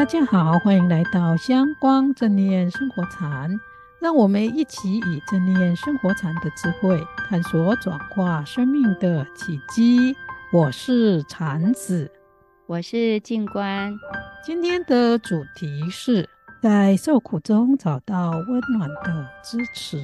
大家好，歡迎來到《香光正念生活禪》，讓我們一起以正念生活禪的智慧，探索轉化生命的契機。我是禪子，我是靜觀。今天的主題是在受苦中找到溫暖的支持。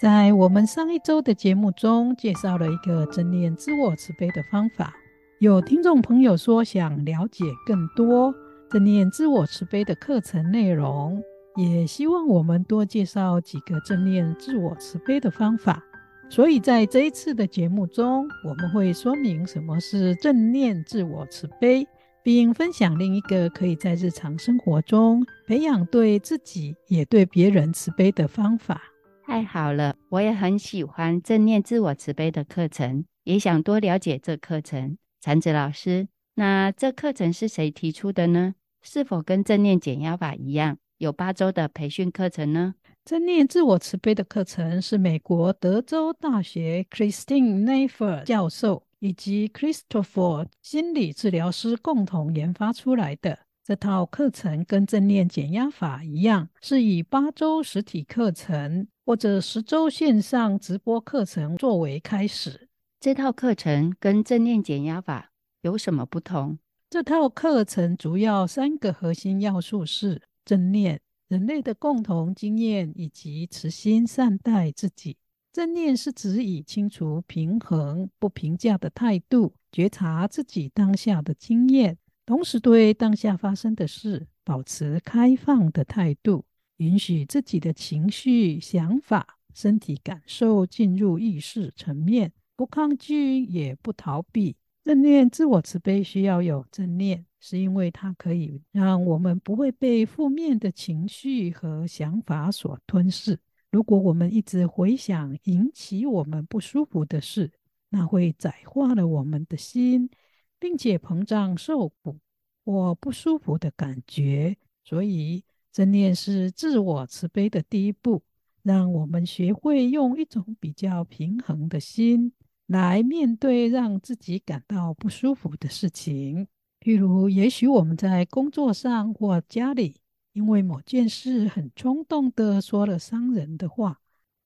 在我們上一周的節目中，介紹了一個正念自我慈悲的方法。有聽眾朋友說想了解更多。正念自我慈悲的課程內容，也希望我們多介紹幾個正念自我慈悲的方法。所以在這一次的節目中，我們會說明什麼是正念自我慈悲，並分享另一個可以在日常生活中培養對自己也對別人慈悲的方法。太好了，我也很喜歡正念自我慈悲的課程，也想多了解這課程。禪子老師，那這課程是誰提出的呢？是否跟正念減壓法一樣有八週的培訓課程呢？正念自我慈悲的課程是美國德州大學 Kristin Neff 教授以及 Christopher 心理治療師共同研發出來的。這套課程跟正念減壓法一樣，是以八週實體課程或者十週線上直播課程作為開始。這套課程跟正念減壓法有什麼不同？這套課程主要三個核心要素是正念、人類的共同經驗以及慈心善待自己。正念是指以清除、平衡、不評價的態度，覺察自己當下的經驗，同時對當下發生的事保持開放的態度，允許自己的情緒、想法、身體感受進入意識層面，不抗拒也不逃避。正念自我慈悲需要有正念，是因為它可以讓我們不會被負面的情緒和想法所吞噬。如果我們一直回想引起我們不舒服的事，那會窄化了我們的心，並且膨脹受苦或不舒服的感覺。所以，正念是自我慈悲的第一步，讓我們學會用一種比較平衡的心，來面對讓自己感到不舒服的事情，譬如，也許我們在工作上或家裡，因為某件事很衝動的說了傷人的話，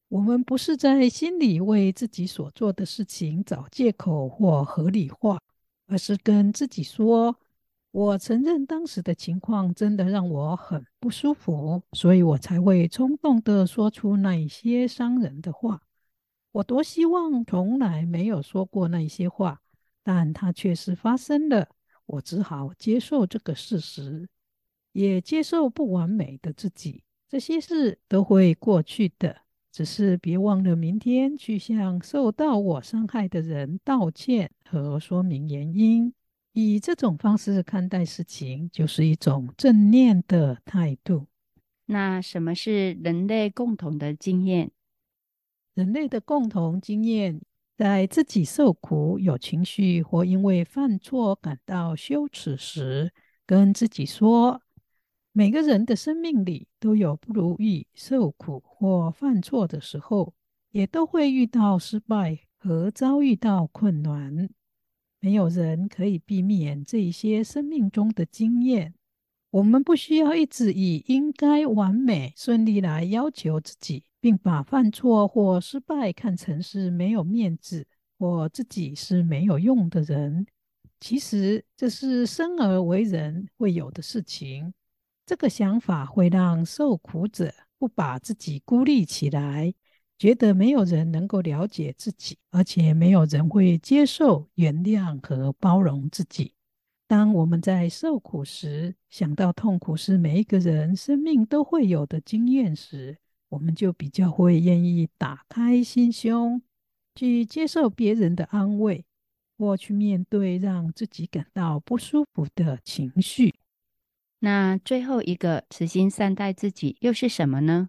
我們不是在心裡為自己所做的事情找借口或合理化，而是跟自己說：“我承認當時的情況真的讓我很不舒服，所以我才會衝動的說出那些傷人的話。”我多希望從來沒有說過那些話，但它確實發生了。我只好接受這個事實，也接受不完美的自己。這些事都會過去的，只是別忘了明天去向受到我傷害的人道歉和說明原因。以這種方式看待事情，就是一種正念的態度。那什麼是人類共同的經驗？人類的共同經驗，在自己受苦、有情緒或因為犯錯感到羞恥時，跟自己說：每個人的生命裡都有不如意、受苦或犯錯的時候，也都會遇到失敗和遭遇到困難。沒有人可以避免這些生命中的經驗。我們不需要一直以應該完美、順利來要求自己。並把犯錯或失敗看成是沒有面子或自己是沒有用的人，其實這是生而為人會有的事情。這個想法會讓受苦者不把自己孤立起來，覺得沒有人能夠了解自己，而且沒有人會接受、原諒和包容自己。當我們在受苦時，想到痛苦是每一個人生命都會有的經驗時，我們就比較會願意打開心胸，去接受別人的安慰，或去面對讓自己感到不舒服的情緒。那最後一個，慈心善待自己又是什麼呢？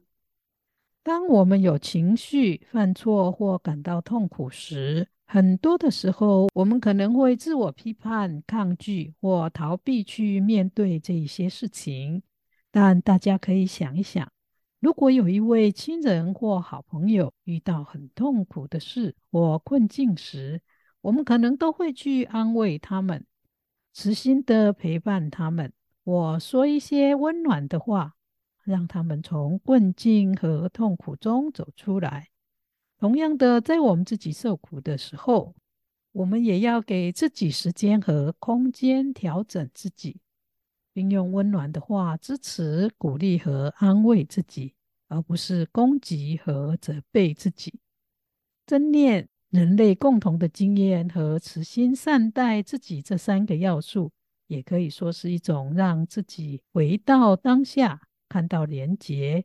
當我們有情緒、犯錯或感到痛苦時，很多的時候我們可能會自我批判、抗拒或逃避去面對這一些事情。但大家可以想一想。如果有一位親人或好朋友遇到很痛苦的事或困境時，我們可能都會去安慰他們，慈心地陪伴他們，我說一些溫暖的話，讓他們從困境和痛苦中走出來。同樣的，在我們自己受苦的時候，我們也要給自己時間和空間調整自己。並用溫暖的話支持、鼓勵和安慰自己，而不是攻擊和責備自己。正念、人類共同的經驗和慈心善待自己這三個要素，也可以說是一種讓自己回到當下、看到連結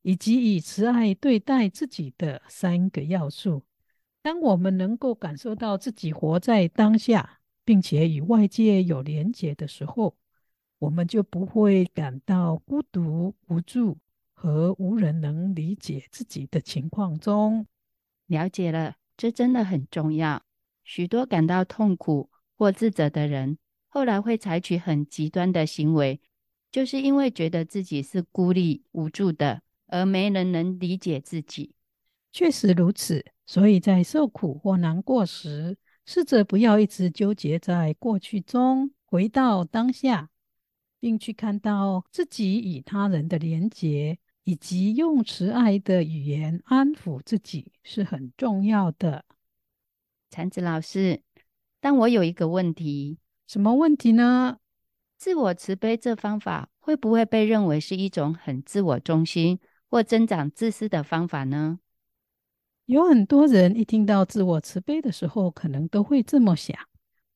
以及以慈愛對待自己的三個要素。當我們能夠感受到自己活在當下，並且與外界有連結的時候，我們就不會感到孤獨、無助和無人能理解自己的情況中，了解了，這真的很重要。許多感到痛苦或自責的人，後來會採取很極端的行為，就是因為覺得自己是孤立無助的，而沒人能理解自己。確實如此，所以在受苦或難過時，試着不要一直糾結在過去中，回到當下。並去看到自己與他人的連結，以及用慈愛的語言安撫自己是很重要的，禪子老師。但我有一個問題，什麼問題呢？自我慈悲這方法會不會被認為是一種很自我中心或增長自私的方法呢？有很多人一聽到自我慈悲的時候，可能都會這麼想，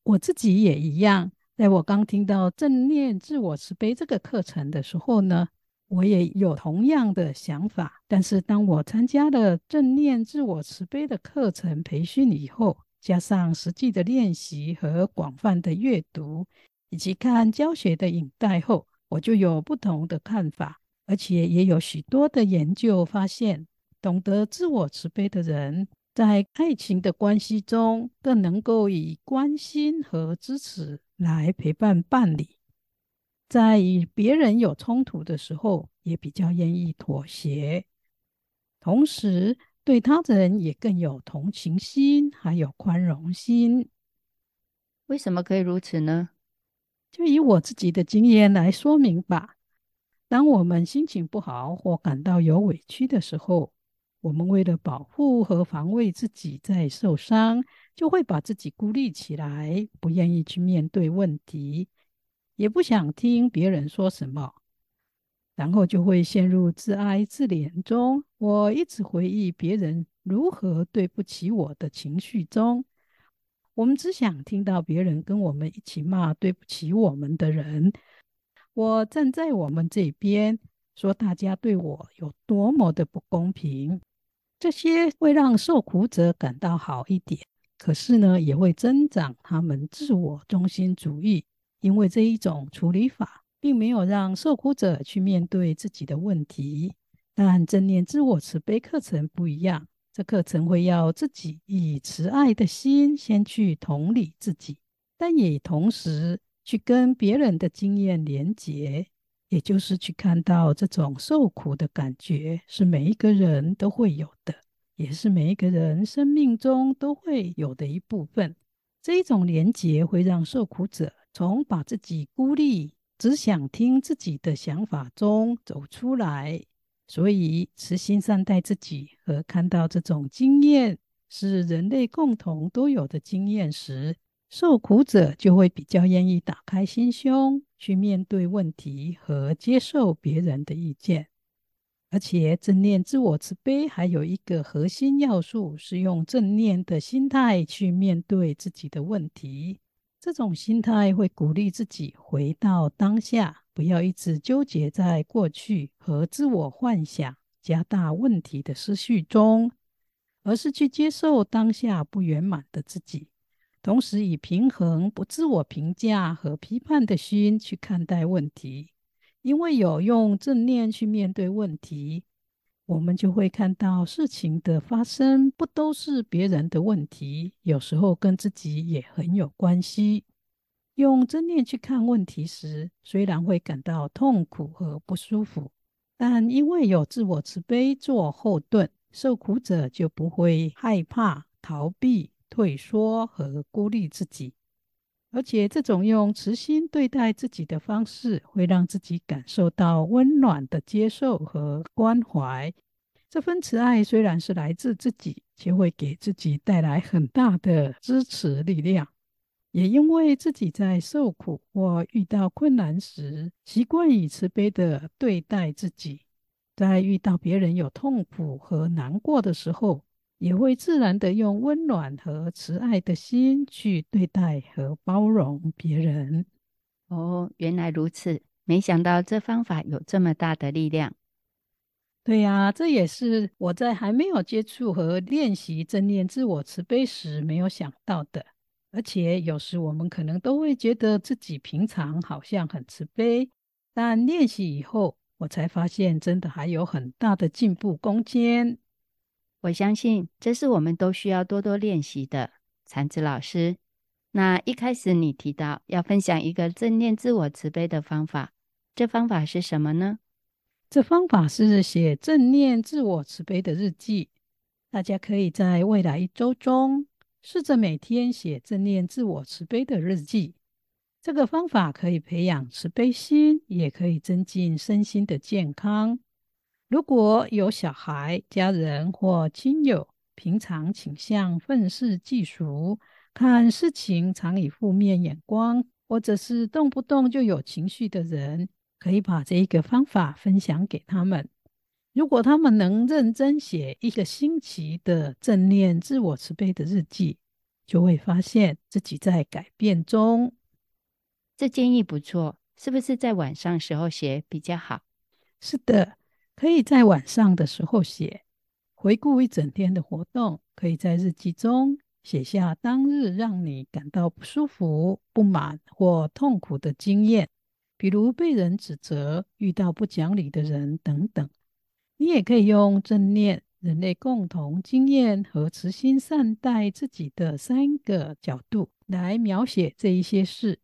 我自己也一樣。在我剛聽到正念自我慈悲這個課程的時候呢，我也有同樣的想法。但是當我參加了正念自我慈悲的課程培訓以後，加上實際的練習和廣泛的閱讀，以及看教學的影帶後，我就有不同的看法，而且也有許多的研究發現，懂得自我慈悲的人，在愛情的關係中，更能夠以關心和支持來陪伴伴侶；在與別人有衝突的時候，也比較願意妥協；同時，對他人也更有同情心，還有寬容心。為什麼可以如此呢？就以我自己的經驗來說明吧。當我們心情不好或感到有委屈的時候，我們為了保護和防衛自己在受傷，就會把自己孤立起來，不願意去面對問題，也不想聽別人說什麼，然後就會陷入自哀自憐中。我一直回憶別人如何對不起我的情緒中，我們只想聽到別人跟我們一起罵對不起我們的人。我站在我們這邊，說大家對我有多麼的不公平。這些會讓受苦者感到好一點，可是呢，也會增長他們自我中心主義，因為這一種處理法並沒有讓受苦者去面對自己的問題。但正念自我慈悲課程不一樣，這課程會要自己以慈愛的心先去同理自己，但也同時去跟別人的經驗連結。也就是去看到這種受苦的感覺是每一個人都會有的，也是每一個人生命中都會有的一部分。這種連結會讓受苦者從把自己孤立、只想聽自己的想法中走出來。所以，慈心善待自己和看到這種經驗是人類共同都有的經驗時，受苦者就會比較願意打開心胸，去面對問題和接受別人的意見，而且正念自我慈悲還有一個核心要素是用正念的心態去面對自己的問題。這種心態會鼓勵自己回到當下，不要一直糾結在過去和自我幻想加大問題的思緒中，而是去接受當下不圓滿的自己。同時，以平衡、不自我評價和批判的心去看待問題，因為有用正念去面對問題，我們就會看到事情的發生不都是別人的問題，有時候跟自己也很有關係。用正念去看問題時，雖然會感到痛苦和不舒服，但因為有自我慈悲做後盾，受苦者就不會害怕逃避。退縮和孤立自己，而且這種用慈心對待自己的方式，會讓自己感受到溫暖的接受和關懷。這份慈愛雖然是來自自己，卻會給自己帶來很大的支持力量。也因為自己在受苦或遇到困難時，習慣以慈悲地對待自己，在遇到別人有痛苦和難過的時候，也會自然的用溫暖和慈愛的心去對待和包容別人。哦，原來如此，沒想到這方法有這麼大的力量。對呀，這也是我在還沒有接觸和練習正念自我慈悲時沒有想到的。而且有時我們可能都會覺得自己平常好像很慈悲，但練習以後，我才發現真的還有很大的進步空間。我相信，這是我們都需要多多練習的。禪子老師，那一開始你提到要分享一個正念自我慈悲的方法，這方法是什麼呢？這方法是寫正念自我慈悲的日記。大家可以在未來一周中，試着每天寫正念自我慈悲的日記。這個方法可以培養慈悲心，也可以增進身心的健康。如果有小孩、家人或親友平常傾向憤世嫉俗、看事情常以負面眼光，或者是動不動就有情緒的人，可以把這一個方法分享給他們。如果他們能認真寫一個星期的正念、自我慈悲的日記，就會發現自己在改變中。這建議不錯，是不是在晚上時候寫比較好？是的。可以在晚上的時候寫，回顧一整天的活動。可以在日記中寫下當日讓你感到不舒服、不滿或痛苦的經驗，比如被人指責、遇到不講理的人等等。你也可以用正念、人類共同經驗和慈心善待自己的三個角度來描寫這一些事。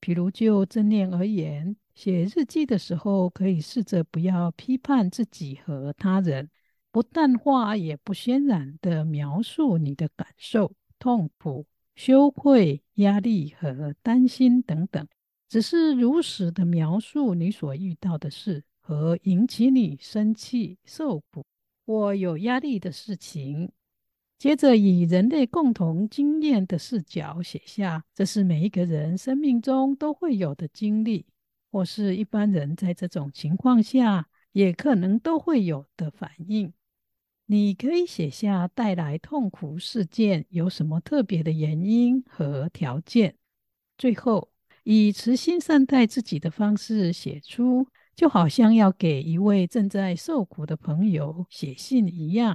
比如就正念而言。寫日記的時候，可以試着不要批判自己和他人，不淡化也不渲染地描述你的感受、痛苦、羞愧、壓力和擔心等等，只是如實地描述你所遇到的事和引起你生氣、受苦或有壓力的事情。接着以人類共同經驗的視角寫下，這是每一個人生命中都會有的經歷。或是一般人在這種情況下，也可能都會有的反應。你可以寫下帶來痛苦事件有什麼特別的原因和條件。最後，以慈心善待自己的方式寫出，就好像要給一位正在受苦的朋友寫信一樣，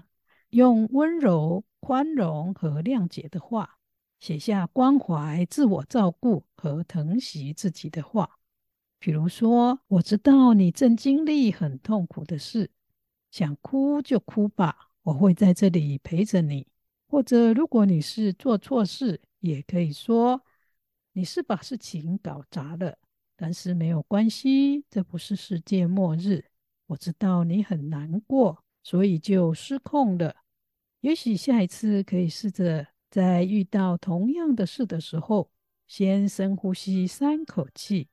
用溫柔、寬容和諒解的話，寫下關懷、自我照顧和疼惜自己的話。比如說，我知道你正經歷很痛苦的事，想哭就哭吧，我會在這裡陪着你。或者，如果你是做錯事，也可以說你是把事情搞砸了，但是沒有關係，這不是世界末日。我知道你很難過，所以就失控了。也許下一次可以試着，在遇到同樣的事的時候，先深呼吸三口氣。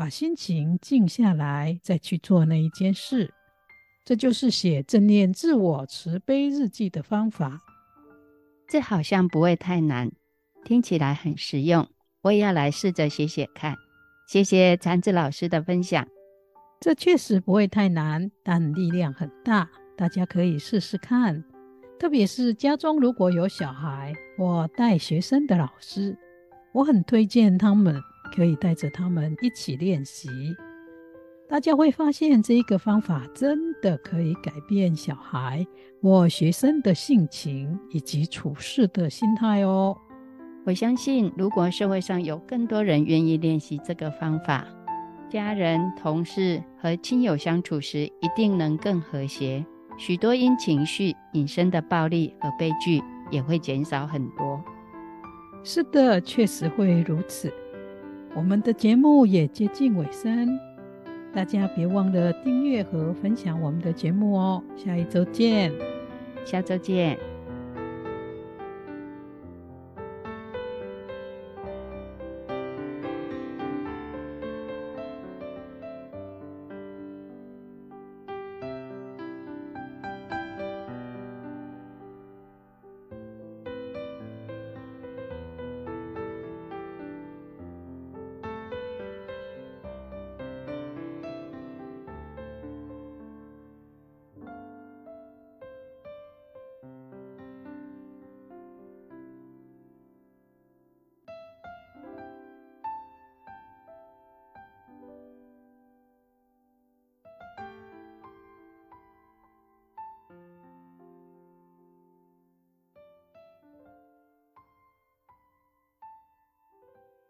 把心情靜下來，再去做那一件事，這就是寫正念自我慈悲日記的方法。這好像不會太難，聽起來很實用。我也要來試着寫寫看。謝謝禪子老師的分享。這確實不會太難，但力量很大，大家可以試試看。特別是家中如果有小孩或帶學生的老師，我很推薦他們，可以帶着他們一起練習，大家會發現這個方法真的可以改變小孩或學生的性情以及處事的心態哦。我相信，如果社會上有更多人願意練習這個方法，家人、同事和親友相處時一定能更和諧，許多因情緒引申的暴力和悲劇也會減少很多。是的，確實會如此。我們的節目也接近尾聲，大家別忘了訂閱和分享我們的節目哦。下一周見。下周見。